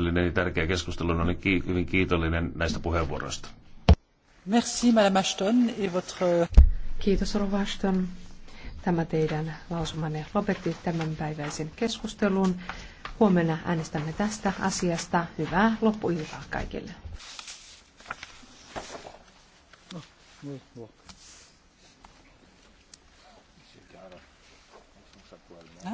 hyödyllinen ja tärkeä keskustelu. Olen no niin, hyvin kiitollinen näistä puheenvuoroista. Merci, Madame Ashton, et votre... Kiitos, Rova Ashton. Tämä teidän lausumanne lopetti tämänpäiväisen keskustelun. Huomenna äänestämme tästä asiasta. Hyvää loppuiltaa kaikille. Ah.